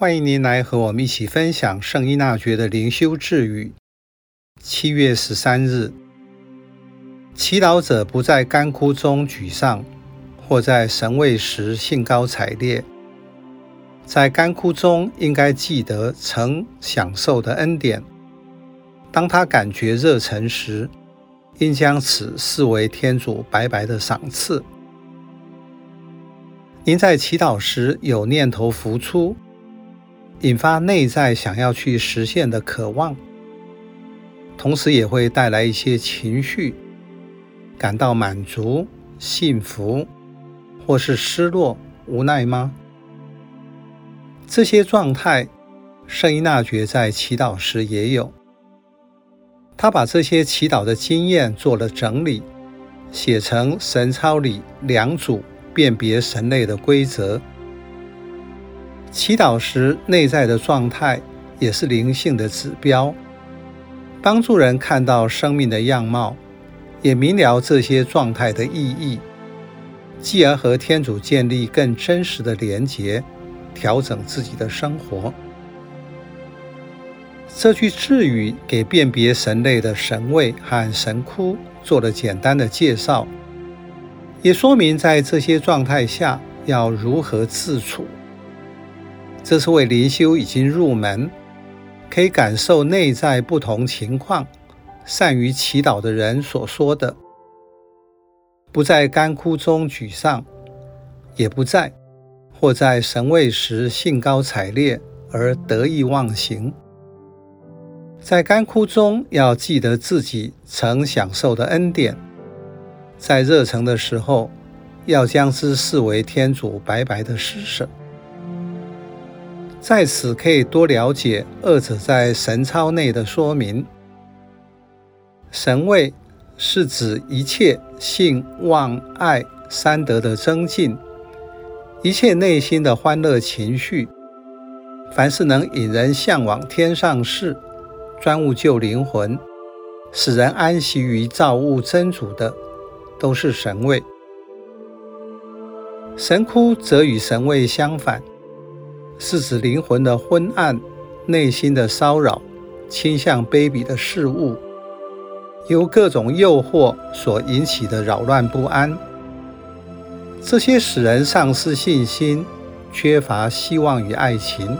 歡迎您來和我們一起分享聖依納爵的靈修智語。七月十三日，祈禱者不在乾枯中沮喪，或在神慰時興高采烈。在乾枯中，應該記得曾享受的恩典；當他感覺熱誠時，應將此視為天主白白的賞賜。您在祈禱時有念頭浮出，引發內在想要去實現的渴望，同時也會帶來一些情緒，感到滿足、幸福，或是失落、無奈嗎？這些狀態，聖依納爵在祈禱時也有。他把這些祈禱的經驗做了整理，寫成《神操》裡兩組辨別神類的規則。祈禱時內在的狀態也是靈性的指標，幫助人看到生命的樣貌，也明了這些狀態的意義，繼而和天主建立更真實的連結，調整自己的生活。這句智語給辨別神類的神慰和神枯做了簡單的介紹，也說明在這些狀態下要如何自處。這是為靈修已經入門、可以感受內在不同情況、善於祈禱的人所說的：不在乾枯中沮喪，也不在，或在神位神慰時興高采烈而得意忘形。在乾枯中，要記得自己曾享受的恩典，在熱誠的時候，要將之視為天主白白的施捨。在此可以多了解二者在《神操》內的說明。神慰是指一切信、望、愛三德的增進，一切內心的歡樂情緒，凡是能引人嚮往天上事，專務救靈魂，使人安息於造物真主的，都是神慰。神枯則與神慰相反。是指靈魂的昏暗、內心的騷擾、傾向卑鄙的事物、由各種誘惑所引起的擾亂不安。這些使人喪失信心、缺乏希望與愛情，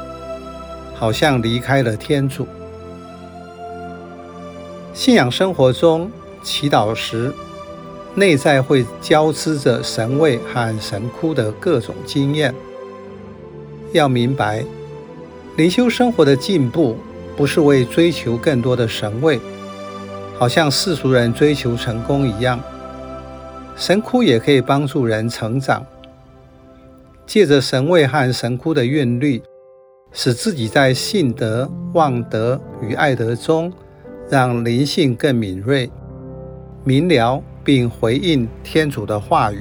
好像離開了天主。信仰生活中祈禱時，內在會交織着神慰和神枯的各種經驗。要明白，靈修生活的進步不是為追求更多的神慰，好像世俗人追求成功一樣。神枯也可以幫助人成長，借着神慰和神枯的韻律，使自己在信德、望德與愛德中，讓靈性更敏銳、明了，並回應天主的話語。